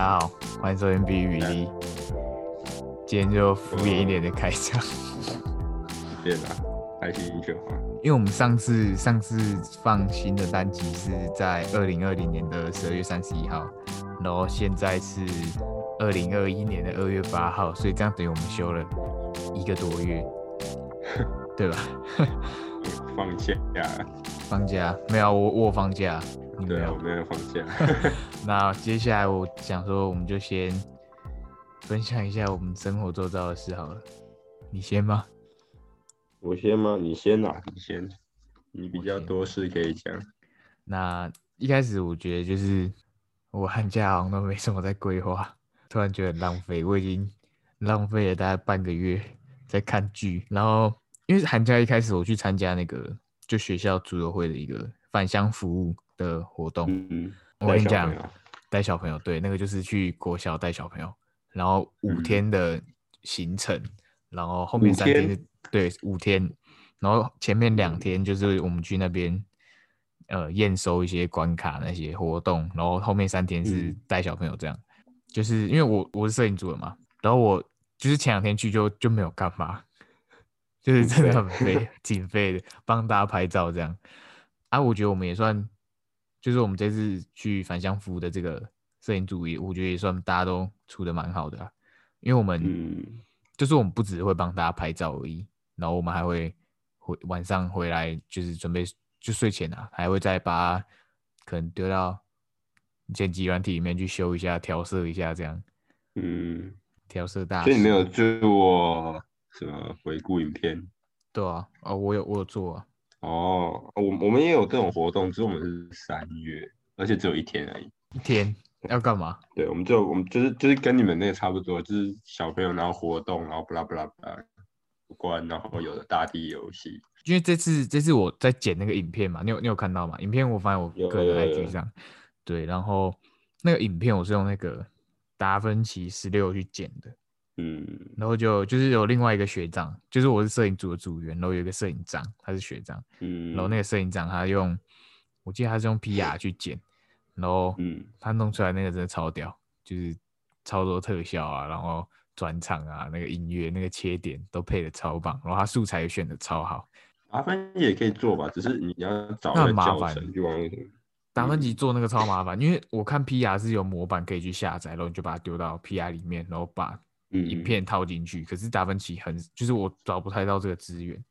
大家好，歡迎收聽 B 雨滴。今天就敷衍一點的開場。變了、嗯，開心很久啊。因為我們上次上次放新的單集是在二零二零年的十二月三十一號，然後現在是二零二一年的二月八號，所以這樣等於我們休了一個多月，對吧？放假呀？放假沒有我，我放假。對啊，我沒有放假。 那接下來我想說，我們就先分享一下我們生活周遭的事好了。你先嗎？我先嗎？你先啊，你先。你比較多事可以講。那一開始我覺得就是，我寒假好像都沒什麼在規劃，突然覺得很浪費。我已經浪費了大概半個月在看劇，然後因為寒假一開始我去參加那個就學校足球會的一個返鄉服務的活動，嗯、我跟你講，帶小朋友，對，那個就是去國小帶小朋友，然後五天的行程，嗯、然後後面三天,天，對，五天，然後前面兩天就是我們去那邊，嗯、呃，驗收一些關卡那些活動，然後後面三天是帶小朋友這樣，嗯、就是因為我我是攝影組的嘛，然後我就是前兩天去就就沒有幹嘛， 就是真 的很廢，挺廢的，幫大家拍照這樣，啊，我覺得我們也算。就是我們這次去返鄉服務的這個攝影組，也我覺得也算大家都處得蠻好的啊，因為我們就是我們不只會幫大家拍照而已，然後我們還會回晚上回來就是準備就睡前啊，還會再把可能丟到剪輯軟體裡面去修一下，調色一下這樣。嗯，調色大。所以沒有做什麼回顧影片？對啊，啊、哦，我有我有做啊。哦，oh, 我我們也有這種活動，只是我們是三月，而且只有一天而已。一天要幹嘛？對，我們就我們就是就是跟你們那個差不多，就是小朋友然後活動，然後不啦不啦不啦。關，然後有的大地遊戲。因為這次這次我在剪那個影片嘛，你有你有看到嗎？影片我放在我個人 IG 上。對，然後那個影片我是用那個達芬奇十六去剪的。嗯，然後就就是有另外一個學長，就是我是攝影組的組員，然後有一個攝影長，他是學長，嗯，然後那個攝影長他用，我記得他是用 PR 去剪，然後，嗯，他弄出來那個真的超屌，就是超多特效啊，然後轉場啊，那個音樂那個切點都配得超棒，然後他素材也選的超好。達芬奇也可以做吧，只是你要找那個教程，就麻煩，達芬奇做那個超麻煩，因為我看 PR 是有模板可以去下載，然後你就把它丟到 PR 裡面，然後把。影片套進去，嗯、可是達芬奇很就是我找不太到這個資源、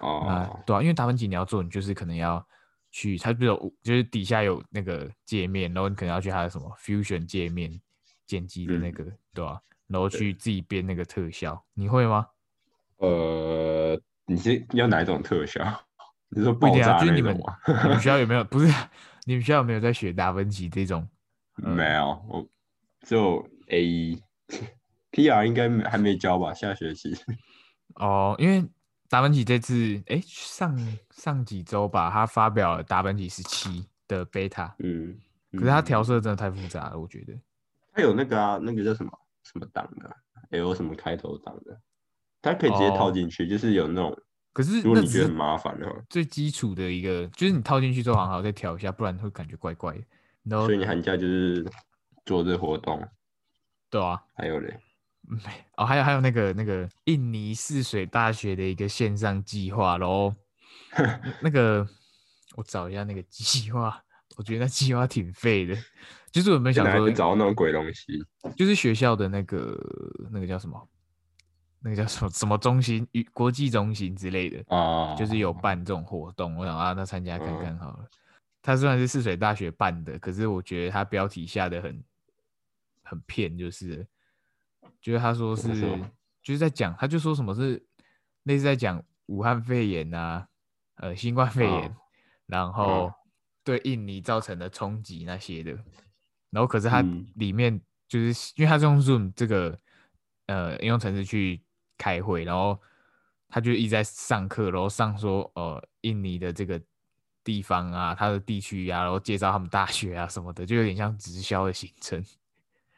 哦、對、啊、因為達芬奇你要做，你就是可能要去，它就、就是底下有那個界面，然後你可能要去它的什麼 Fusion 界面剪輯的那個、嗯、對吧、啊？然後去自己編那個特效，對你會嗎？呃，你是要哪一種特效？你說不一定的、哦？就你們 你們學校有沒有？不是你們學校有沒有在學達芬奇這種？嗯、沒有，我就 A E。P.R. 應該還沒教吧？下學期哦，因為達芬奇這次誒、欸，上上幾周吧，他發表了達芬奇十七的貝塔、嗯，嗯，可是他調色真的太複雜了，我覺得。他有那個啊，那個叫什麼什麼檔的、啊、L 什麼開頭檔的，它可以直接套進去，哦、就是有那種。可是，是如果你覺得很麻煩的話，最基礎的一個就是你套進去之後好好再調一下，不然會感覺怪怪的。然、no, 後所以你寒假就是做這活動，對啊，還有嘞。哦，還有還有那個那個印尼泗水大學的一個線上計劃咯。那個我找一下那個計劃，我覺得那計劃挺廢的，就是我沒想說，能找到那種鬼東西？就是學校的那個那個叫什麼，那個叫什麼什麼中心與國際中心之類的啊，Oh. 就是有辦這種活動，我想讓他參加看看好了。Oh. 他雖然是泗水大學辦的，可是我覺得他標題下的很很騙，就是。就是他說是，就是在講，他就說什麼是類似在講武漢肺炎啊，呃，新冠肺炎，oh. 然後對印尼造成的衝擊那些的，然後可是他裡面就是因為他是用 Zoom 這個呃應用程式去開會，然後他就一直在上課，然後上說呃印尼的這個地方啊，他的地區呀，然後介紹他們大學啊什麼的，就有點像直銷的行程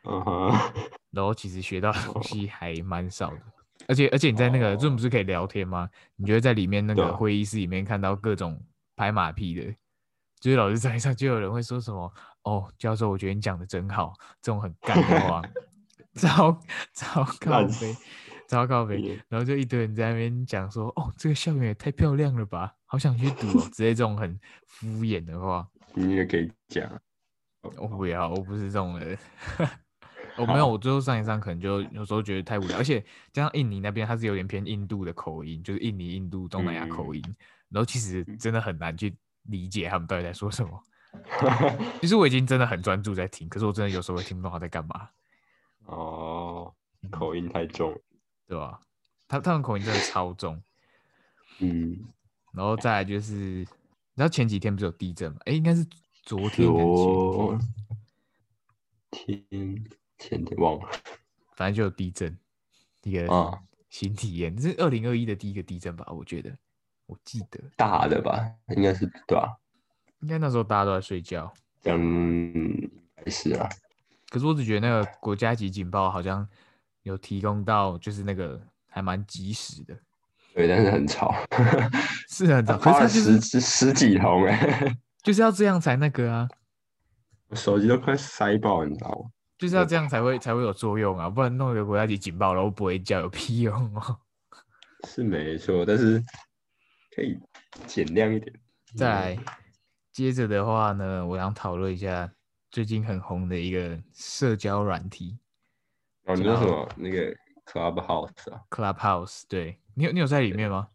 ，uh，嗯哼。然後其實學到的東西還蠻少的，oh. 而且而且你在那個 Zoom 不是可以聊天嗎？Oh. 你覺得在裡面那個會議室裡面看到各種拍馬屁的，對就是老師在台上就有人會說什麼哦，教授我覺得你講的真好，這種很尬的話，超超靠北，超靠北，然後就一堆人在那邊講說哦這個校園也太漂亮了吧，好想去讀哦，之類 這種很敷衍的話，你也可以講，我、oh. 哦、不要，我不是這種人。 哦，沒有，我最後上一上可能就有時候覺得太無聊，好而且加上印尼那邊它是有點偏印度的口音，就是印尼、印度、東南亞口音，嗯、然後其實真的很難去理解他們到底在說什麼。 其實我已經真的很專注在聽，可是我真的有時候會聽不懂他在幹嘛。哦，口音太重，對吧？他他們口音真的超重。嗯，然後再來就是，然後前幾天不是有地震嗎？哎、欸，應該是昨天跟前天。昨天。前天忘了，反正就有地震，一個新體驗，嗯、這是二零二一的第一個地震吧？我覺得，我記得大的吧，應該是對吧？應該那時候大家都在睡覺，嗯，是啊。可是我只覺得那個國家級警報好像有提供到，就是那個還蠻及時的。對，但是很吵， 是很吵，二十十、就是、十幾通、欸，就是要這樣才那個啊。我手機都快塞爆你知道嗎？就是要這樣才會對才會有作用啊，不然弄一個國家級警報都不會叫，有屁用啊！喔！是沒錯，但是可以減量一點。嗯、再來，接着的話呢，我想討論一下最近很紅的一個社交軟體。哦，你說什麼？叫那個 Clubhouse 啊？Clubhouse，對。你有你有在裡面嗎？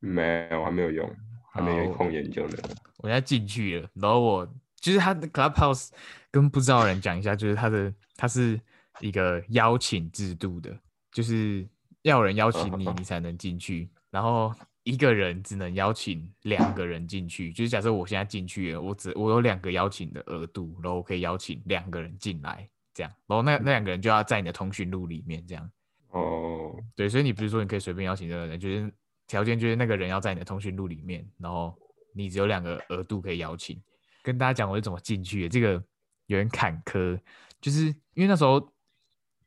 沒有，我還沒有用，好還沒有空研究呢。我現在進去了，然後我就是他的 Clubhouse。跟不知道的人講一下，就是他的他是一個邀請制度的，就是要人邀請你，你才能進去。然後一個人只能邀請兩個人進去。就是假設我現在進去了，我只我有兩個邀請的額度，然後我可以邀請兩個人進來，這樣。然後那那兩個人就要在你的通訊錄裡面，這樣。哦，對，所以你不是說你可以隨便邀請任何人，就是條件就是那個人要在你的通訊錄裡面，然後你只有兩個額度可以邀請。跟大家講我是怎麼進去的，這個。有點坎坷，就是因為那時候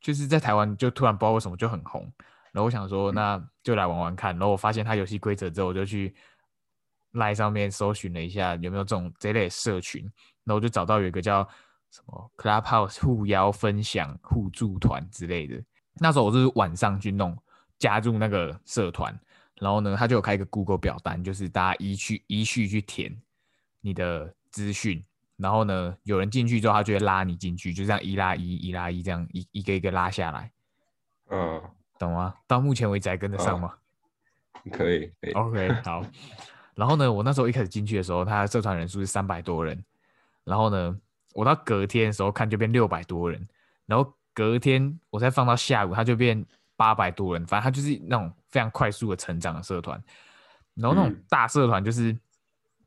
就是在台灣，就突然不知道為什麼就很紅，然後我想說那就來玩玩看，然後我發現他遊戲規則之後，我就去 LINE 上面搜尋了一下有沒有這種這類社群，然後我就找到有一個叫什麼 Clubhouse 互邀分享互助團之類的。那時候我就是晚上去弄加入那個社團，然後呢他就有開一個 Google 表單，就是大家依序依序去，去填你的資訊。然後呢，有人進去之後，他就會拉你進去，就這樣一拉一，一拉一，這樣一一個一個拉下來，嗯，uh, 懂嗎？到目前為止還跟得上嗎？Uh, 可以，OK，好。 然後呢，我那時候一開始進去的時候，他的社團人數是三百多人。然後呢，我到隔天的時候看就變六百多人，然後隔天我再放到下午，他就變八百多人。反正他就是那種非常快速的成長的社團。然後那種大社團就是。嗯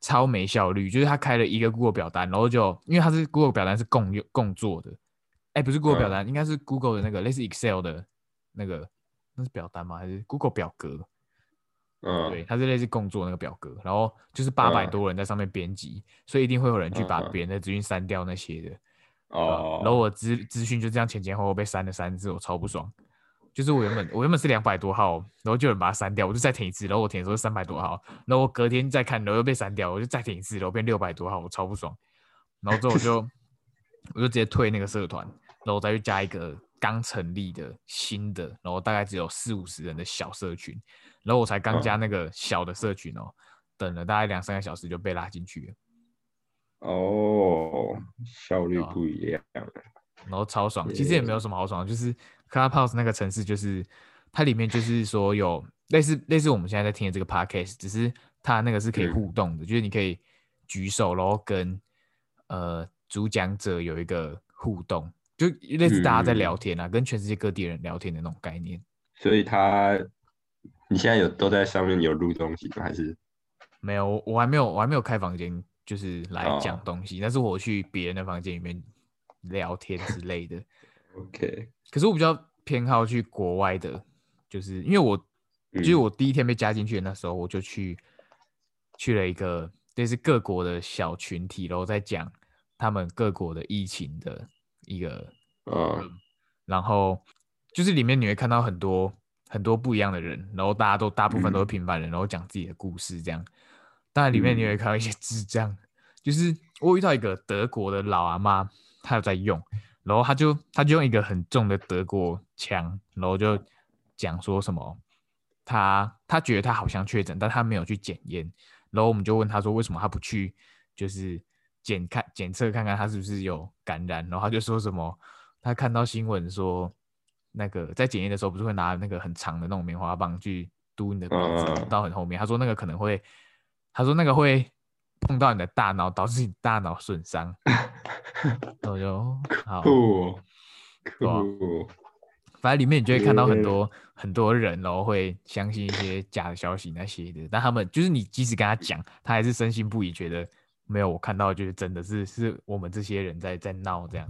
超沒效率，就是他開了一個 Google 表單，然後就因為他是 Google 表單是共用共做的，哎、欸，不是 Google 表單，嗯、應該是 Google 的那個類似 Excel 的那個，那是表單嗎？還是 Google 表格？嗯，對，它是類似共作的那個表格，然後就是八百多人在上面編輯，嗯、所以一定會有人去把別人的資訊刪掉那些的。嗯嗯嗯、然後我資資訊就這樣前前後後被刪了三次，我超不爽。就是我原本我原本是兩百多號，然後就有人把它刪掉，我就再填一次，然後我填的時候是三百多號，然後我隔天再看，然後又被刪掉，我就再填一次，然後變六百多號，我超不爽，然後之後我就 我就直接退那個社團，然後我再去加一個剛成立的新的，然後大概只有四五十人的小社群，然後我才剛加那個小的社群哦，等了大概兩三個小時就被拉進去了，哦，效率不一樣了，然後超爽，其實也沒有什麼好爽，就是。c l a s s p a s 那個城市就是，它裡面就是說有類似類似我們現在在聽的這個 podcast，只是它那個是可以互動的，嗯、就是你可以舉手然後跟呃主講者有一個互動，就類似大家在聊天啊，嗯、跟全世界各地人聊天的那種概念。所以他，你現在有都在上面有錄東西嗎？還是沒有？我還沒有，我還沒有開房間，就是來講東西。那、哦、是我去別人的房間裡面聊天之類的。 OK，可是我比較偏好去國外的，就是因為我，嗯、就是我第一天被加進去的那時候，我就去去了一個，類似各國的小群體，然後在講他們各國的疫情的一個、uh. 嗯，然後就是裡面你會看到很多很多不一樣的人，然後大家都大部分都是平凡人，嗯、然後講自己的故事這樣，當然裡面你會看到一些，智障，嗯、就是我遇到一個德國的老阿媽，她有在用。然後他就他就用一個很重的德國腔，然後就講說什麼，他他覺得他好像確診，但他沒有去檢驗。然後我們就問他說，為什麼他不去，就是檢看檢測看看他是不是有感染？然後他就說什麼，他看到新聞說，那個在檢驗的時候不是會拿那個很長的那種棉花棒去嘟你的鼻子，到很後面。他說那個可能會，他說那個會。碰到你的大腦，導致你的大腦損傷，酷酷。反正裡面你就會看到很多、嗯、很多人嘍、哦，會相信一些假的消息那些的，但他們就是你即使跟他講，他還是深信不疑，覺得沒有我看到的，就是真的是是我們這些人在在鬧這樣。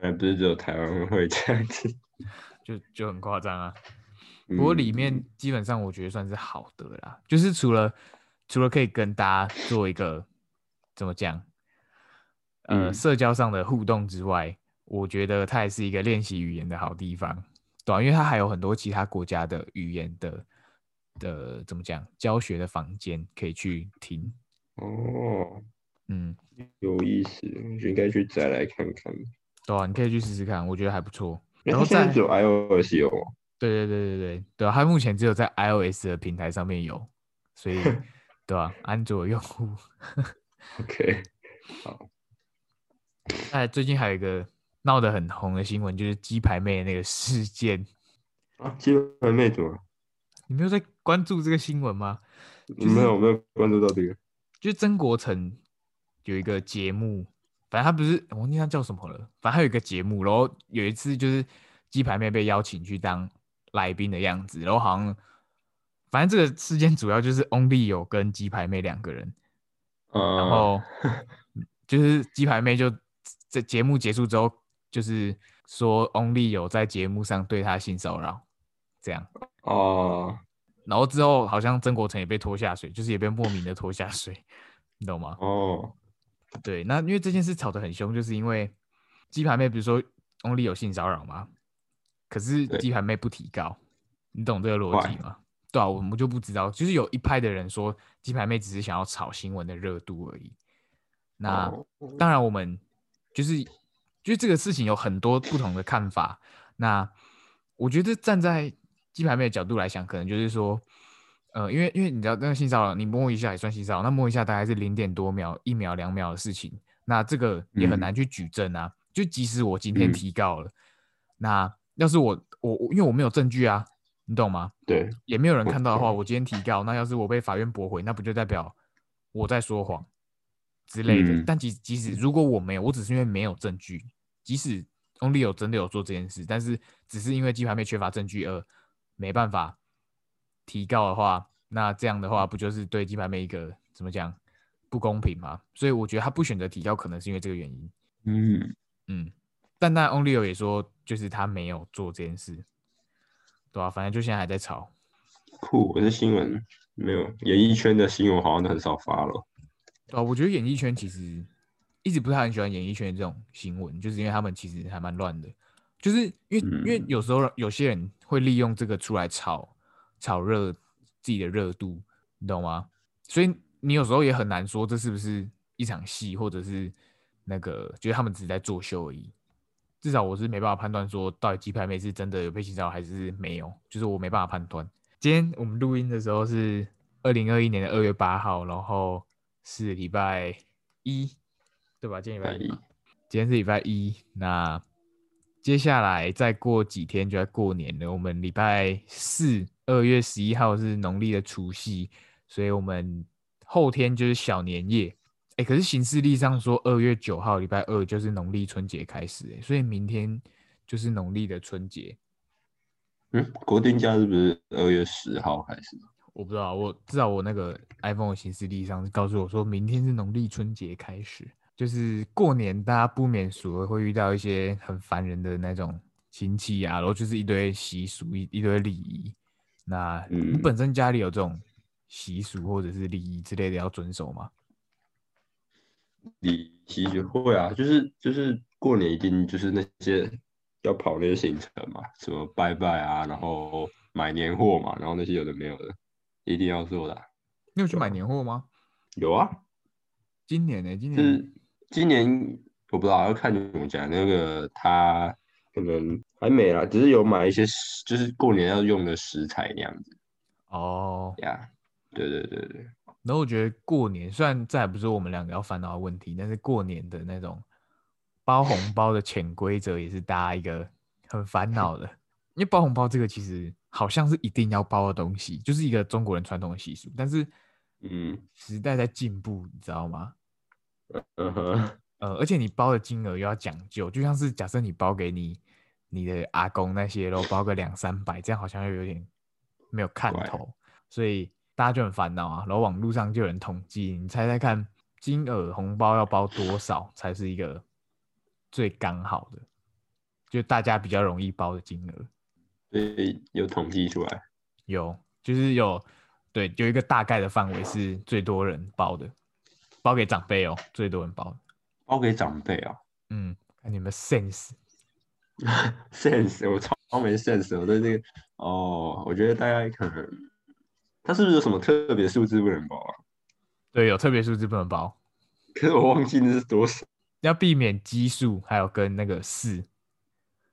哎，不是只有台灣會這樣子， 就就很誇張啊。不過裡面基本上我覺得算是好的啦，嗯、就是除了。除了可以跟大家做一個怎麼講，呃，社交上的互動之外，嗯，我覺得它也是一個練習語言的好地方。對啊，因為它還有很多其他國家的語言的的怎麼講，教學的房間可以去聽哦。嗯，有意思，我覺得應該去再來看看。對啊，你可以去試試看，我覺得還不錯。然後在現在只有 iOS，有，對對對對對對，它啊，目前只有在 iOS 的平台上面有，所以。 對吧、啊？安卓用戶 ，OK，好。哎，最近還有一個鬧得很紅的新聞，就是雞排妹的那個事件。啊，雞排妹怎麼了？你沒有在關注這個新聞嗎？就是、我沒有，我沒有關注到這個。就曾國城有一個節目，反正他不是，我忘記他叫什麼了。反正他有一個節目，然後有一次就是雞排妹被邀請去當來賓的樣子，然後好像。反正這個事件主要就是翁立友跟雞排妹兩個人，然後就是雞排妹就在節目結束之後，就是說翁立友在節目上對她性騷擾，這樣哦。然後之後好像曾國城也被拖下水，就是也被莫名的拖下水，你懂嗎？哦，對，那因為這件事吵得很兇，就是因為雞排妹，比如說翁立友性騷擾嘛，可是雞排妹不提告，你懂這個邏輯嗎？對啊，我們就不知道，就是有一派的人說雞排妹只是想要炒新聞的熱度而已。那當然，我們就是，就是這個事情有很多不同的看法。那我覺得站在雞排妹的角度來想，可能就是說，呃，因為因為你知道那個性騷你摸一下也算性騷，那摸一下大概是零點多秒、一秒、兩秒的事情，那這個也很難去舉證啊。嗯、就即使我今天提告了，嗯、那要是我我因為我沒有證據啊。你懂嗎？對，也沒有人看到的話，我，我今天提告，那要是我被法院駁回，那不就代表我在說謊之類的？嗯、但即使即使如果我沒有，我只是因為沒有證據，即使翁立友真的有做這件事，但是只是因為雞排妹缺乏證據而沒辦法提告的話，那這樣的話不就是對雞排妹一個怎麼講不公平嗎？所以我覺得他不選擇提告，可能是因為這個原因。嗯嗯，但那翁立友也說，就是他沒有做這件事。對啊，反正就現在還在炒。酷，我是新聞沒有，演藝圈的新聞好像都很少發了。啊，我覺得演藝圈其實一直不太很喜歡演藝圈的這種新聞，就是因為他們其實還蠻亂的，就是因為、嗯、因為有時候有些人會利用這個出來炒炒熱自己的熱度，你懂嗎？所以你有時候也很難說這是不是一場戲，或者是那個就是、他們只是在作秀而已。至少我是沒辦法判斷說，到底雞排妹是真的有被性騷還是沒有，就是我沒辦法判斷。今天我們錄音的時候是二零二一年的二月八號，然後是禮拜一，對吧？今天禮拜一，哎、今天是禮拜一。那接下來再過幾天就要過年了，我們禮拜四二月十一號是農曆的除夕，所以我們後天就是小年夜。哎，可是行事曆上說二月九號禮拜二就是農曆春節開始，哎，所以明天就是農曆的春節。嗯，國定假是不是二月十號開始？我不知道，我知道我那個 iPhone 的行事曆上告訴我，說明天是農曆春節開始，就是過年，大家不免俗會遇到一些很煩人的那種親戚啊，然後就是一堆習俗，一一堆禮儀。那你本身家裡有這種習俗或者是禮儀之類的要遵守嗎？你其實會啊，就是就是過年一定就是那些要跑那些行程嘛，什麼拜拜啊，然後買年貨嘛，然後那些有的沒有的，一定要做的、啊。你有去買年貨嗎？有啊，今年呢、欸？今年？是今年我不知道，要看你怎麼講。那個他可能還沒了，只是有買一些就是過年要用的食材那樣子。哦，呀，對對對對。然後我覺得過年雖然再不是我們兩個要煩惱的問題，但是過年的那種包紅包的潛規則也是大家一個很煩惱的。因為包紅包這個其實好像是一定要包的東西，就是一個中國人傳統的習俗。但是，嗯，時代在進步，你知道嗎？呃，而且你包的金額又要講究，就像是假設你包給你你的阿公那些了，包個兩三百，這樣好像又有點沒有看頭，乖所以。大家就很煩惱啊，然後網絡上就有人統計，你猜猜看，金額紅包要包多少才是一個最剛好的，就大家比較容易包的金額？對，有統計出來，有，就是有，對，有一個大概的範圍是最多人包的，包給長輩哦，最多人包的包給長輩啊，嗯，看你們 sense，sense，我超沒 sense，我對這個，哦，我覺得大家可能。它是不是有什麼特別數字不能包啊？對，有特別數字不能包。可是我忘記那是多少。要避免奇數，還有跟那個四。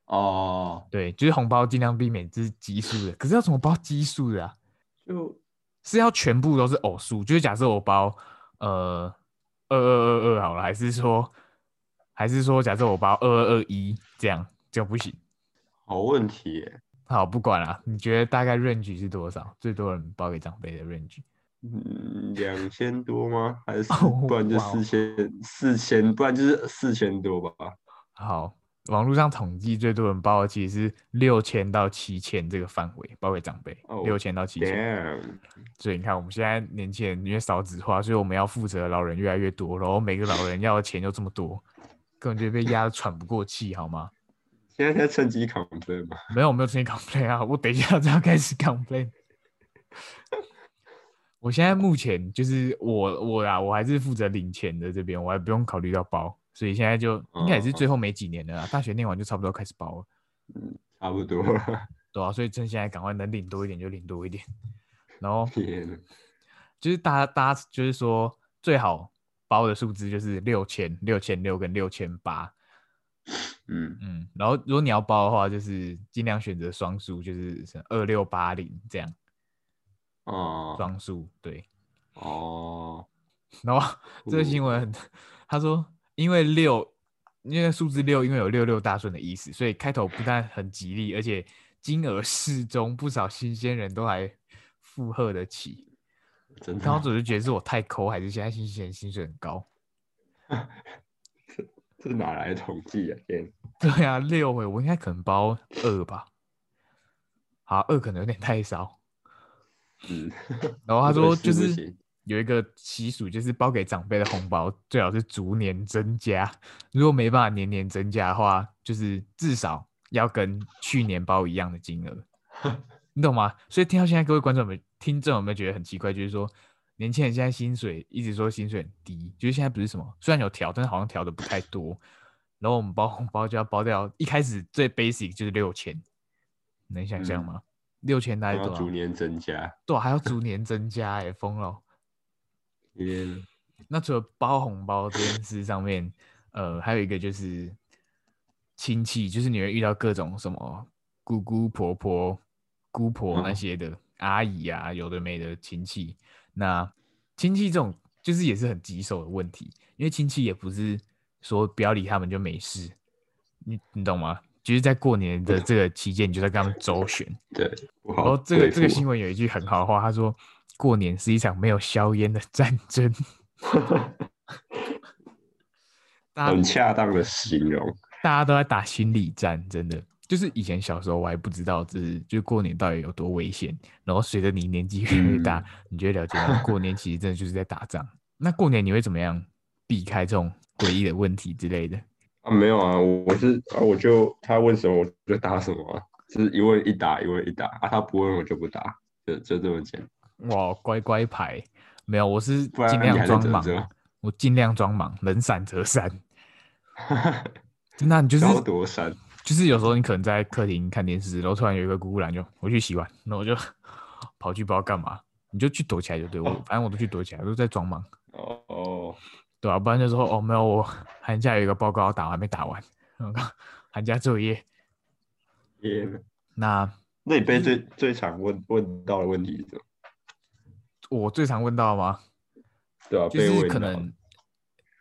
哦，oh. 對，就是紅包盡量避免這是奇數的。可是要怎麼包奇數的啊？就是要全部都是偶數。就是假設我包呃二二二二好了，還是說，還是說假設我包二二二一這樣就不行。好問題。好，不管了啊。你覺得大概 range 是多少？最多人包給長輩的 range？嗯，兩千多嗎？還是不然就四千？四千？不然就是四千多吧？好，網絡上統計最多人包的其實是六千到七千這個範圍，包給長輩。Oh, 六千到七千。damn. 所以你看，我們現在年輕人因為少子化，所以我們要負責的老人越來越多，然後每個老人要的錢又這麼多，根本就 被壓得喘不過氣，好嗎？現在在趁機 complain 嗎？沒有，沒有趁機 complain 啊！我等一下就要開始 complain 我現在目前就是我我啊，我還是負責領錢的這邊，我還不用考慮到包，所以現在就應該也是最後沒幾年了、啊，哦、大學念完就差不多開始包了，嗯、差不多了對，對啊，所以趁現在趕快能領多一點就領多一點。然後、啊、就是大家大家就是說最好包的數字就是六千六千六跟六千八。嗯嗯，然後如果你要包的話，就是盡量選擇雙數，就是二六八零這樣。哦、雙數對。哦，然後這個新聞，他呼說因為六，因為數字六，因為有六六大順的意思，所以開頭不但很吉利，而且金額適中，不少新鮮人都還負荷得起。真的？那我總是覺得是我太摳，還是現在新鮮人薪水很高？ 是哪來的統計啊？Yeah. 對啊，六位我應該可能包二吧。好，二可能有點太少。嗯， 然後他說就是有一個習俗，就是包給長輩的紅包最好是逐年增加。如果沒辦法年年增加的話，就是至少要跟去年包一樣的金額。 你懂嗎？所以聽到現在各位觀眾有沒有聽眾有沒有覺得很奇怪？就是說。年輕人現在薪水一直說薪水很低，就是現在不是什麼，雖然有調，但是好像調得不太多。然後我們包紅包就要包掉，一開始最 basic 就是六千，能想象嗎？六千大概多少，還要逐年增加，對、啊，還要逐年增加、欸，哎，瘋了。嗯、那除了包紅包這件事上面，呃，還有一個就是親戚，就是你會遇到各種什麼姑姑、婆婆、姑婆那些的、嗯、阿姨啊，有的沒的親戚。那親戚這種就是也是很棘手的問題，因為親戚也不是說不要理他們就沒事，你你懂嗎？就是在過年的這個期間，你對就在跟他們周旋。對，然後這個對這個新聞有一句很好的話，他說：“過年是一場沒有硝煙的戰爭。 大家”很恰當的形容，大家都在打心理戰，真的。就是以前小時候我還不知道這，就是就過年到底有多危險。然後隨着你年紀越、越大，嗯、你就了解到過年其實真的就是在打仗。那過年你會怎麼樣避開這種詭異的問題之類的？啊，沒有啊，我是啊，我就他問什麼我就答什麼，就是一問一答，一問一答啊。他不問我就不答，就就這麼講。單。哇，乖乖牌，沒有，我是盡量裝忙，我盡量裝忙，能閃則閃。那、 啊、你就是。就是有時候你可能在客廳看電視，然後突然有一個姑姑來就回去洗碗，那我就跑去不知道幹嘛，你就去躲起來就對我，哦、反正我都去躲起來，我都在裝忙。哦，對啊，不然就說哦沒有，我寒假有一個報告我打完沒打完，寒假作業耶那那你被最是最常問問到的問題，我最常問到嗎？對啊，就是可能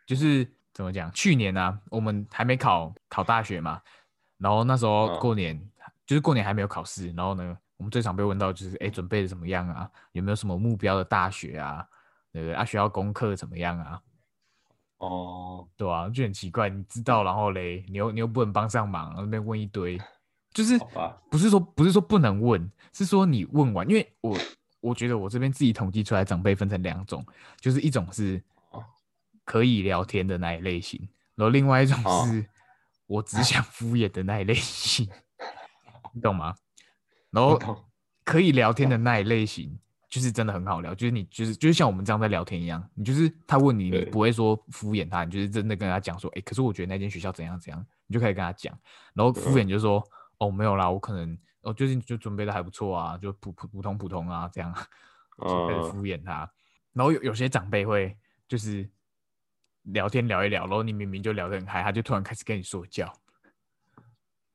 就是怎麼講？去年呢、啊，我們還沒考考大學嘛。然後那時候過年，哦、就是過年還沒有考試，然後呢，我們最常被問到就是，哎，準備的怎麼樣啊？有沒有什麼目標的大學啊？對不對？啊，學校功課怎麼樣啊？哦，對啊，就很奇怪，你知道，然後嘞，你又你又不能幫上忙，然後那邊問一堆，就是不是說不是說不能問，是說你問完，因為我我覺得我這邊自己統計出來，長輩分成兩種，就是一種是可以聊天的那一類型，然後另外一種是，哦。我只想敷衍的那一類型， 你懂嗎？然後可以聊天的那一類型，就是真的很好聊。就是你就是就是像我們這樣在聊天一樣，你就是他問你，你不會說敷衍他，對你就是真的跟他講說，欸，可是我覺得那間學校怎樣怎樣，你就可以跟他講。然後敷衍就是說，對哦，沒有啦，我可能，哦，最近就準備的還不錯啊，就普普普通普通啊這樣，敷衍他。然後有有些長輩會就是。聊天聊一聊，然後你明明就聊得很嗨，他就突然開始跟你說教。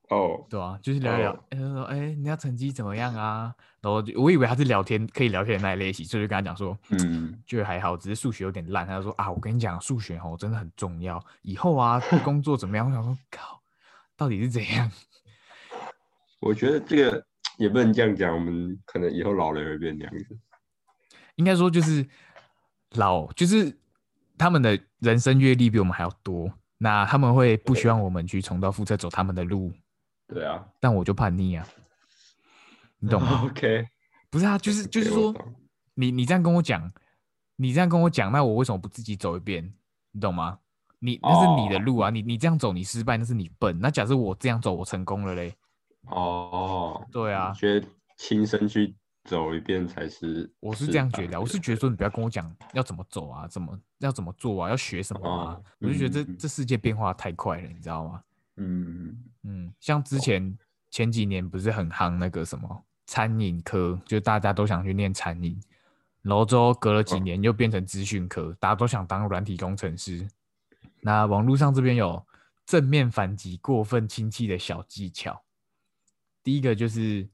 哦，oh. 對啊，就是聊一聊，他說：“哎，你家成績怎麼樣啊？”然後我以為他是聊天可以聊天的那一類型，所以就跟他講說：“嗯，就還好，只是數學有點爛。”他就說：“啊，我跟你講，數學吼，真的很重要，以後啊，這個、工作怎麼樣？”我想說：“靠，到底是怎樣？”我覺得這個也不能這樣講，我們可能以後老了也會變這樣子。應該說就是老，就是。他們的人生閱歷比我們還要多，那他們會不希望我們去重蹈覆轍，走他們的路。對啊，但我就叛逆啊，你懂嗎？OK，不是啊，就是 okay, 就是說，我懂。你你這樣跟我講，你這樣跟我講，那我為什麼不自己走一遍？你懂嗎？你那是你的路啊，oh. 你你這樣走，你失敗，那是你笨。那假設我這樣走，我成功了嘞。哦，oh. 對啊，我覺得親身去走一遍才是、嗯，我是這樣覺得、啊。我是覺得說，你不要跟我講要怎麼走啊，怎麼要怎麼做啊，要學什麼啊。哦、啊我就覺得這、嗯、這世界變化太快了，你知道嗎？嗯嗯，像之前、哦、前幾年不是很夯那個什麼餐飲科，就是、大家都想去念餐飲，然後之後隔了幾年又變成資訊科，哦、大家都想當軟體工程師。那網絡上這邊有正面反擊過分親戚的小技巧，第一個就是。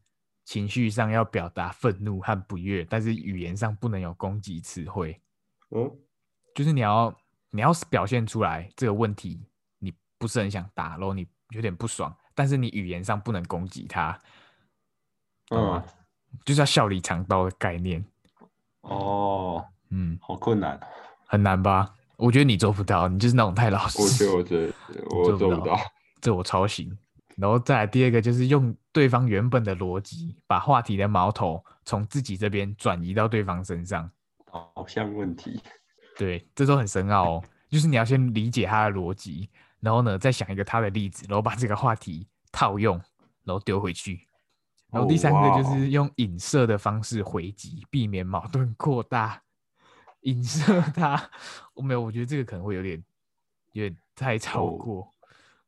情緒上要表達憤怒和不悅，但是語言上不能有攻擊詞彙。哦、嗯，就是你要，你要表現出來這個問題，你不是很想答咯，然後你有點不爽，但是你語言上不能攻擊他，嗯，就是要笑裡藏刀的概念。哦，嗯，好困難，很難吧？我覺得你做不到，你就是那種太老實。我覺得我覺得我做不到，這我超行。然後再來第二個就是用對方原本的邏輯，把話題的矛頭從自己這邊轉移到對方身上，好像問題。對，這都很深奧哦。就是你要先理解他的邏輯，然後呢，再想一個他的例子，然後把這個話題套用，然後丟回去。然後第三個就是用影射的方式回擊，哦、避免矛盾擴大。影射他，我、哦、沒有，我覺得這個可能會有點有點太超過，哦、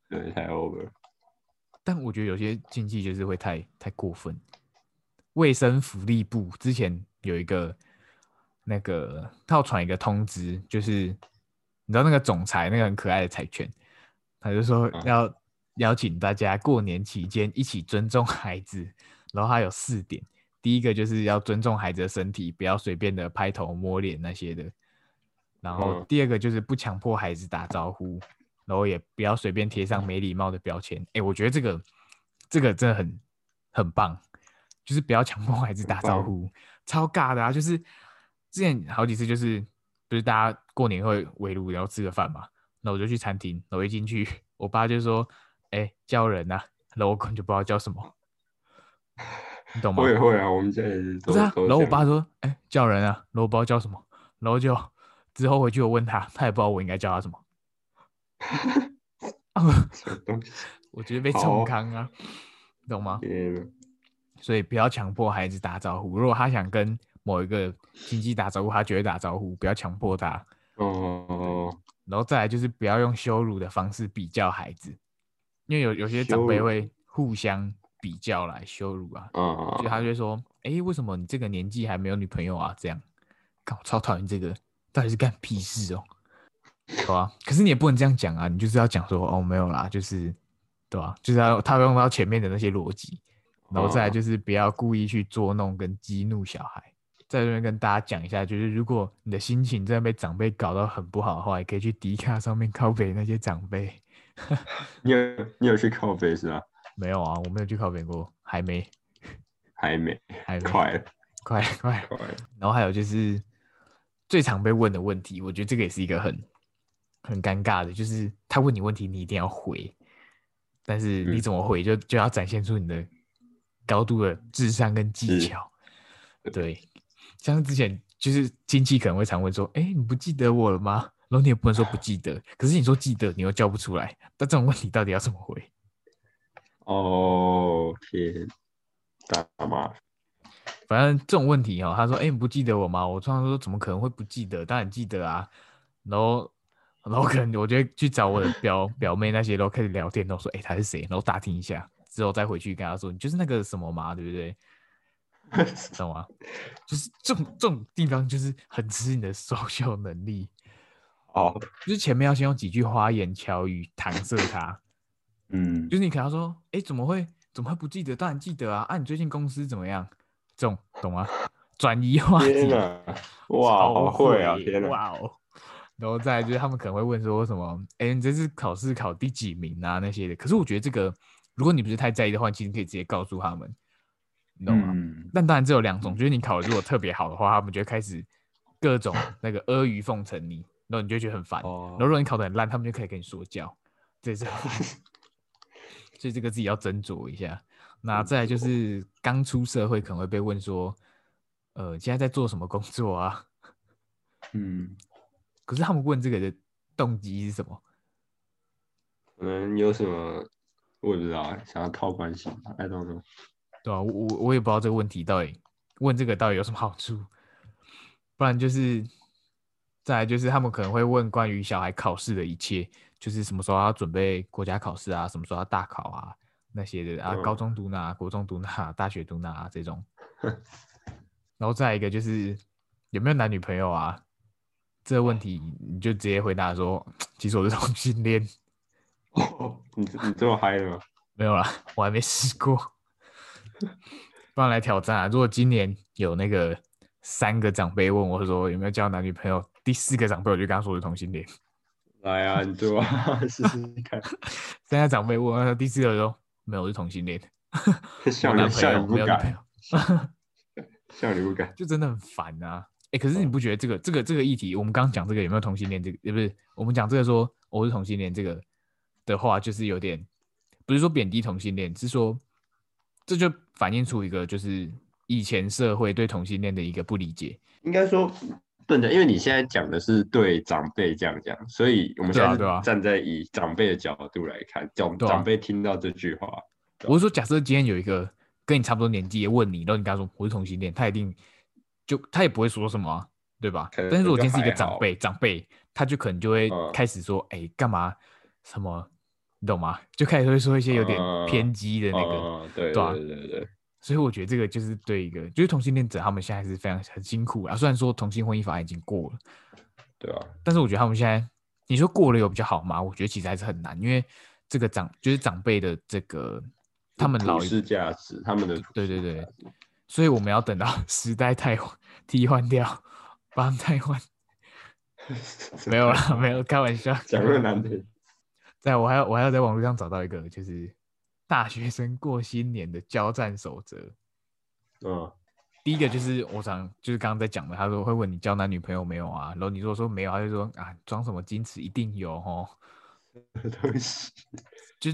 對，太 over。但我覺得有些禁忌就是會太太過分。衛生福利部之前有一個那個，他有傳一個通知，就是你知道那個總裁那個很可愛的柴犬，他就說要邀請大家過年期間一起尊重孩子。然後他有四點，第一個就是要尊重孩子的身體，不要隨便的拍頭摸臉那些的。然後第二個就是不強迫孩子打招呼。然後也不要隨便貼上沒禮貌的標籤。哎、欸，我覺得這個這個真的很很棒，就是不要強迫孩子打招呼，棒超尬的啊！就是之前好幾次、就是，就是不是大家過年會圍爐也要吃個飯嘛？然後我就去餐廳，然後一進去，我爸就說：“哎、欸，叫人啊！”然後我根本就不知道叫什麼，你懂嗎？我也會啊，我們家也是。都是啊，想然後我爸說：“哎、欸，叫人啊！”然後我不知道叫什麼，然後就之後回去我問他，他也不知道我應該叫他什麼。 我覺得被衝康啊，你好懂嗎？了所以不要強迫孩子打招呼。如果他想跟某一個親戚打招呼，他就會打招呼。不要強迫他。哦。然後再來就是不要用羞辱的方式比較孩子，因為有有些長輩會互相比較來羞辱啊。辱。所以他就會說：“哎、欸，為什麼你這個年紀還沒有女朋友啊？”這樣，我超討厭這個，到底是干屁事哦？好啊，可是你也不能這樣講啊，你就是要講說哦，沒有啦，就是對吧、啊？就是要套用到前面的那些邏輯，然後再來就是不要故意去捉弄跟激怒小孩，哦、在這邊跟大家講一下，就是如果你的心情真的被長輩搞到很不好的話，也可以去 D 卡上面靠北那些長輩。 你有你有去靠北是吧？沒有啊，我沒有去靠北過，還沒，還沒，還沒，快了快快了。然後還有就是最常被問的問題，我覺得這個也是一個很。很尷尬的，就是他問你問題，你一定要回，但是你怎麼回就，就、嗯、就要展現出你的高度的智商跟技巧。嗯、對，像之前就是親戚可能會常問說：“哎，你不記得我了嗎？”然後你也不能說不記得，可是你說記得，你又叫不出來。那這種問題到底要怎麼回？哦天，幹嘛？反正這種問題哦，他說：“哎，你不記得我嗎？”我通常，常說：“怎麼可能會不記得？當然記得啊。”然後。然後可能我就會去找我的表表妹那些，然後開始聊天，都說哎、欸、他是誰？然後打聽一下之後再回去跟他說，你就是那個什麼嘛，對不對？ 懂嗎？就是這種這種地方就是很吃你的 social 能力哦，就是前面要先用幾句花言巧語搪塞他，嗯，就是你跟他說哎怎麼會怎麼會不記得？當然記得啊，啊你最近公司怎麼樣？這種懂嗎？轉移話題，哇會好會啊，哇！天哪！然後再來，就是他們可能會問說什麼，哎、欸，你這次考試考第幾名啊？那些的。可是我覺得這個，如果你不是太在意的話，其實你可以直接告訴他們，你懂嗎？嗯、但當然只有兩種，就是你考如果特別好的話，他們就會開始各種那個阿諛奉承你，然後你就會覺得很煩；哦、然後如果你考的很爛，他們就可以跟你說教，對，是。 所以這個自己要斟酌一下。那再來，就是剛出社會可能會被問說，呃，現在在做什麼工作啊？嗯。可是他們問這個的動機是什麼？可能、嗯、有什麼我也不知道，想要套關係，對啊，我我我也不知道這個問題到底問這個到底有什麼好處，不然就是，再來就是他們可能會問關於小孩考試的一切，就是什麼時候要準備國家考試啊，什麼時候要大考啊那些的啊，啊，高中讀哪、啊，國中讀哪、啊，大學讀哪、啊、這種， 然後再一個就是有沒有男女朋友啊？這個問題你就直接回答說：“其實我是同性戀。”哦，你你這麼嗨的嗎？沒有啦，我還沒試過。不然來挑戰啊！如果今年有那個三個長輩問我說，說有沒有交男女朋友，第四個長輩我就跟他說我是同性戀。來啊，你做啊， 試試看。三個長輩問，我、啊、說第四個人說沒有，我是同性戀。笑你笑你不敢，笑你不敢，就真的很煩啊。誒可是你不覺得這個、這個、這個議題，我們剛剛講這個有沒有同性戀？這個也不是我們講這個說、哦、我是同性戀這個的話，就是有點不是說貶低同性戀，是說這就反映出一個就是以前社會對同性戀的一個不理解。應該說，對的，因為你現在講的是對長輩這樣講，所以我們現在站在以長輩的角度來看，長、啊啊、長輩聽到這句話，我是說假設今天有一個跟你差不多年紀也問你，然後你跟他說我是同性戀，他一定。就他也不會說什麼、啊，對吧？可但是如果今天是一個長輩，長輩，他就可能就會開始說，哎、嗯，幹、欸、嘛？什麼？你懂嗎？就開始會說一些有點偏激的那個，對吧、嗯嗯嗯嗯？對對對，對。所以我覺得這個就是對一個，就是同性戀者，他們現在是非常很辛苦啊。雖然說同性婚姻法已經過了，對啊，但是我覺得他們現在，你說過了有比較好嗎？我覺得其實還是很難，因為這個長就是長輩的這個，他們老師價值，他們的對對對。所以我們要等到時代太替換掉，幫太換，沒有了，沒有開玩笑。講這個難的，在我還要我還要在網絡上找到一個，就是大學生過新年的交戰守則。嗯、哦，第一個就是我想，就是剛剛在講的，他說會問你交男女朋友沒有啊，然後你如果說沒有，他就說啊，裝什麼矜持，一定有哦。 對起就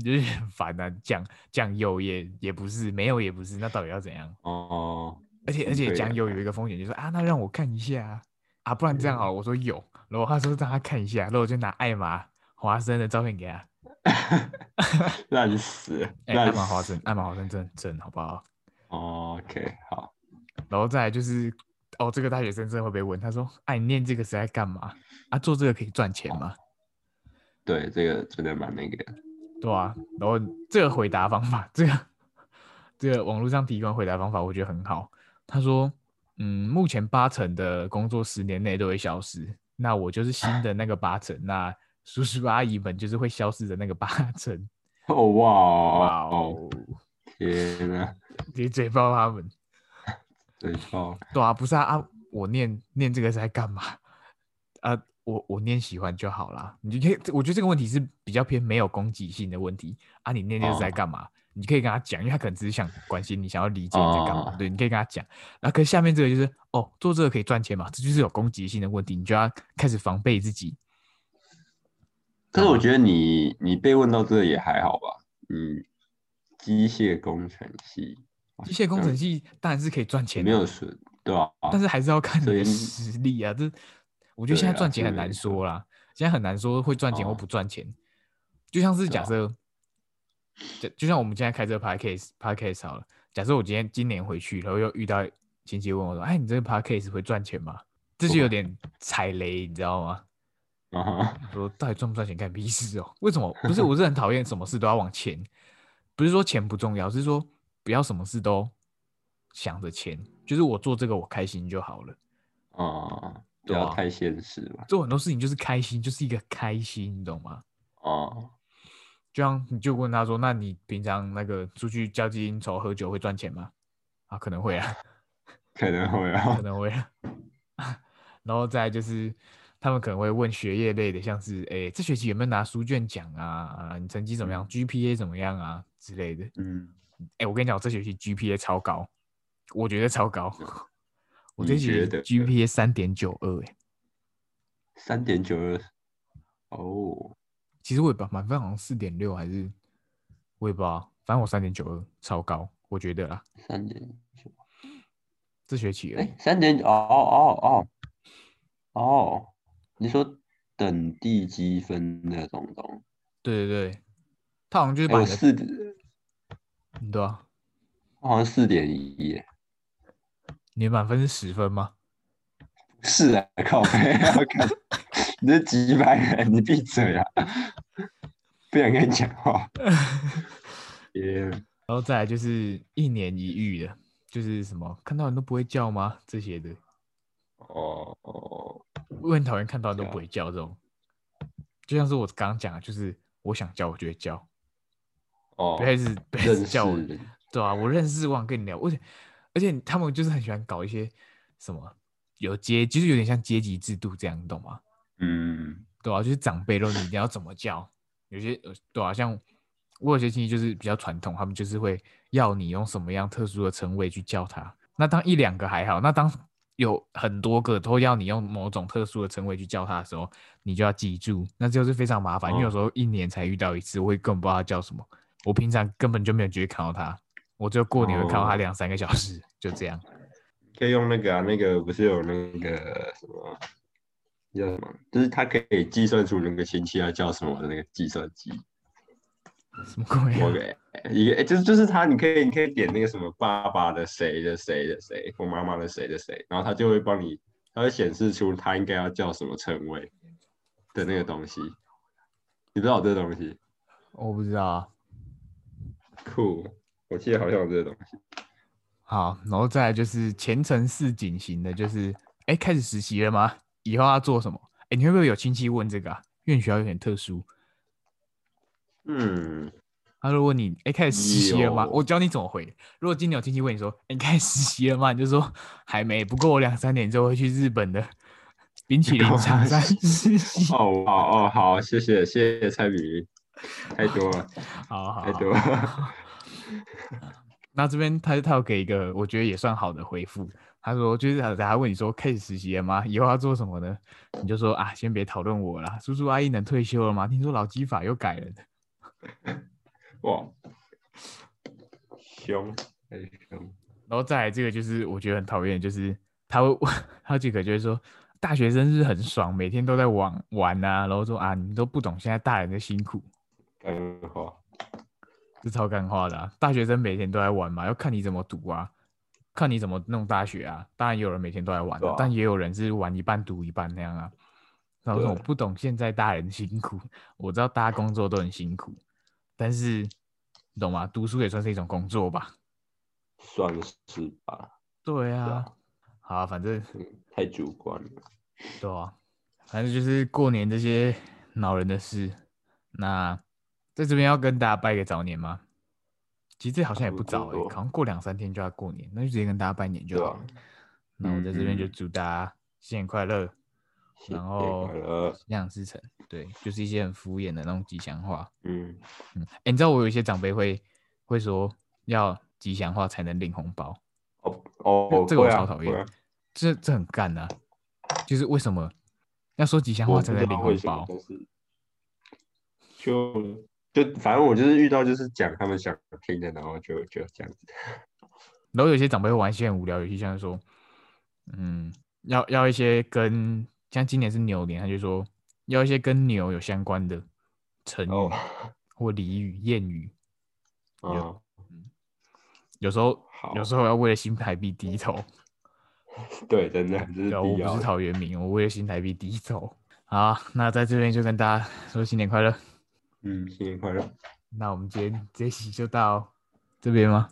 就是很煩啊，講講有也也不是，沒有也不是，那到底要怎樣？哦，而且、啊、而且講有有一個風險，就是，就說啊，那讓我看一下啊，不然這樣好了，嗯、我說有，然後他說讓他看一下，然後我就拿艾瑪華生的照片給他， 那你死，艾瑪華生，艾瑪 華生真真，好不好、哦、？OK，好，然後再就是，哦，這個大學生真的會被問，他說，哎、啊，你念這個是在幹嘛？啊，做這個可以賺錢嗎？哦、對，這個真的蠻那個。對啊，然後這個回答方法，這個這個網絡上提供回答方法，我覺得很好。他說：“嗯，目前八成的工作十年內都會消失，那我就是新的那個八成，啊、那叔叔阿姨們就是會消失的那個八成。哦”哦哇 Wow 哦，天哪、啊！你嘴巴他們，嘴巴抱對啊，不是啊啊！我念念這個是在幹嘛啊？我我念喜歡就好啦，你就可以。我覺得這個問題是比較偏沒有攻擊性的問題啊。你念念是在幹嘛？嗯、你可以跟他講，因為他可能只是想關心你，想要理解你在幹嘛。嗯、對，你可以跟他講。然後可是下面這個就是哦，做這個可以賺錢嘛？這就是有攻擊性的問題，你就要開始防備自己。可是我覺得你後你被問到這也還好吧。嗯，機械工程系，機械工程系當然是可以賺錢的，沒有損，對吧、啊？但是還是要看你的實力啊，以這。我覺得現在賺錢很難說啦，啊啊啊、現在很難說會賺錢或不賺錢。哦、就像是假設，就、啊、就像我們現在開這個 podcast podcast 好了。假設我今天今年回去，然後又遇到親戚問我說：“哎，你這個 podcast 會賺錢嗎？”這就有點踩雷，你知道嗎？不我說到底賺不賺錢干屁事哦。為什麼？不是，我是很討厭什麼事都要往錢， 不是說錢不重要，是說不要什麼事都想着錢。就是我做這個我開心就好了。哦。不要太現實、哦、做很多事情就是開心，就是一個開心，你懂嗎？哦，oh. 就像你就問他說，那你平常那個出去交際應酬、喝酒會賺錢嗎？啊，可能會啊，可能會啊，可能會、啊。 然後再就是，他們可能會問學業類的，像是，哎、欸，這學期有沒有拿書卷獎啊？啊、呃，你成績怎麼樣、嗯、？GPA 怎麼樣啊？之類的。嗯，哎、欸，我跟你講，我這學期 GPA 超高，我覺得超高。我這學期 GPA 三點九二哎，三點九二哦，其實我也不滿分，好像四點六還是我也不知道，反正我三點九二超高，我覺得啦，三點九，這學期哎，三點九哦哦哦哦，你說等第積分那種東，對對對，他好像就是有四，很多，他、啊、好像四點一耶。你滿分是十分嗎？是啊，靠！ 你這幾百人？你閉嘴啊！不想跟你講話。 Yeah. 然後再來就是一年一遇的，就是什麼看到人都不會叫嗎？這些的。哦哦，我很討厭看到人都不會叫，叫這種，就像是我剛剛講的，就是我想叫我就會叫。哦，oh，不認識不認識叫我的，對吧，啊？我認識，我想跟你聊，我想。而且他們就是很喜歡搞一些什麼有階，就是有點像階級制度這樣，你懂嗎？嗯，對啊，就是長輩，都你要怎麼叫？有些對啊，像我有些親戚就是比較傳統，他們就是會要你用什麼樣特殊的稱謂去叫他。那當一兩個還好，那當有很多個都要你用某種特殊的稱謂去叫他的時候，你就要記住，那就是非常麻煩。因為有時候一年才遇到一次，我會根本不知道他叫什麼，我平常根本就沒有機會看到他。我就過年會看到他兩三個小時，哦、就這樣。可以用那個啊，那個不是有那個什麼叫什麼，就是它可以計算出那個親戚要叫什麼的那個計算機。什麼鬼？Okay, 一個，哎、欸，就是就是他，你可以你可以點那個什麼爸爸的誰的誰的誰，我媽媽的誰的誰，然後他就會幫你，他會顯示出他應該要叫什麼稱謂的那個東西。你知道我這個東西、哦？我不知道 cool。我記得好像有這些東西。好，然後再來就是前程似錦型的，就是，哎，開始實習了嗎？以後要做什麼？哎，你會不會有親戚問這個、啊？因為學校有點特殊。嗯，他就、啊、果問你，哎，開始實習了嗎？有我教你怎麼回。如果今天有親戚問你說，哎，開始實習了嗎？你就說還沒，不過我兩三年之後會去日本的冰淇淋廠商。哦哦哦，好，謝謝謝謝蔡比，太多了，好 好，太多。了。 那這邊他他要給一個我覺得也算好的回復，他說就是他問你說，開始實習了嗎？以後要做什麼呢？你就說啊，先別討論我了啦。」叔叔阿姨能退休了嗎？聽說勞基法又改了。哇，兇，很凶。然後再來這個就是我覺得很討厭，就是他會他幾個就是說大學生是很爽，每天都在玩玩啊，然後說啊，你們都不懂現在大人的辛苦。該說、嗯。超幹話的、啊，大學生每天都在玩嘛，要看你怎麼讀啊，看你怎麼弄大學啊。當然也有人每天都在玩、啊，啊、但也有人是玩一半讀一半那樣啊。對然後我不懂現在大人辛苦，我知道大家工作都很辛苦，但是你懂嗎？讀書也算是一種工作吧？算是吧。對啊，對啊，好啊，反正太主觀了，對啊。反正就是過年這些惱人的事，那，在這邊要跟大家拜個早年嗎？其實這好像也不早哎、欸，好像過兩三天就要過年，那就直接跟大家拜年就好。了、啊。那我在這邊就祝大家新年快樂，嗯、然後心想事成。對，就是一些很敷衍的那種吉祥話。嗯嗯。哎、嗯欸，你知道我有一些長輩會會說要吉祥話才能領紅包。哦哦，哦這個我超討厭、哦啊啊，這這很幹吶、啊。就是為什麼要說吉祥話才能領紅包？就是。就就反正我就是遇到，就是講他們想聽的，然後就就這樣。然後有些長輩會玩一些很無聊遊戲，像是說，嗯，要要一些跟，像今年是牛年，他就說要一些跟牛有相關的成語、oh. 或俚語諺語。啊、oh.，有時候好有時候要為了新台幣低頭。對，真的，的我不是陶淵明，我為了新台幣低頭。好，那在這邊就跟大家說新年快樂。嗯，新年快樂。那我們今天這期就到這邊嗎？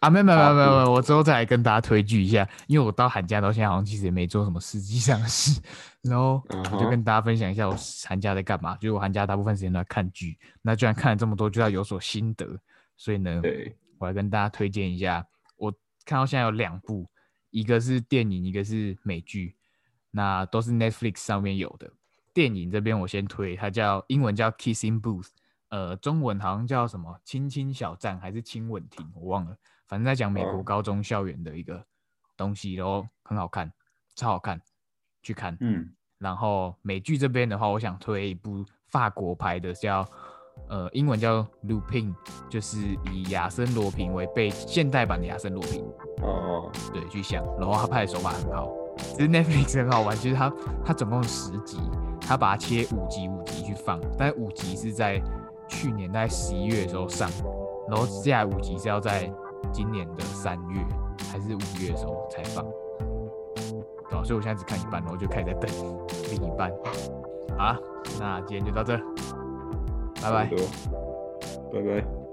啊，沒沒沒沒沒，啊、我之後再來跟大家推劇一下。因為我到寒假到現在，好像其實也沒做什麼實際上的事，然後我就跟大家分享一下我寒假在幹嘛。就是我寒假大部分時間都在看劇。那既然看了這麼多，就要有所心得，所以呢，對我來跟大家推薦一下。我看到現在有兩部，一個是電影，一個是美劇，那都是 Netflix 上面有的。電影這邊我先推，它叫英文叫 Kissing Booth，呃，中文好像叫什麼“親親小站”還是“親吻亭”，我忘了。反正在講美國高中校園的一個東西，然後很好看，超好看，去看。嗯。然後美劇這邊的話，我想推一部法國拍的叫，叫呃，英文叫《Lupin》就是以亞森羅平為背，現代版的亞森羅平。哦、啊。對，去想。然後他拍的手法很好，其實 Netflix 很好玩，就是它它總共十集。他把它切五集，五集去放，但五集是在去年大概十一月的時候上，然後接下來五集是要在今年的三月還是五月的時候才放。哦，所以我現在只看一半，然後就開始在等另一半，好，那今天就到這，多拜拜，拜拜。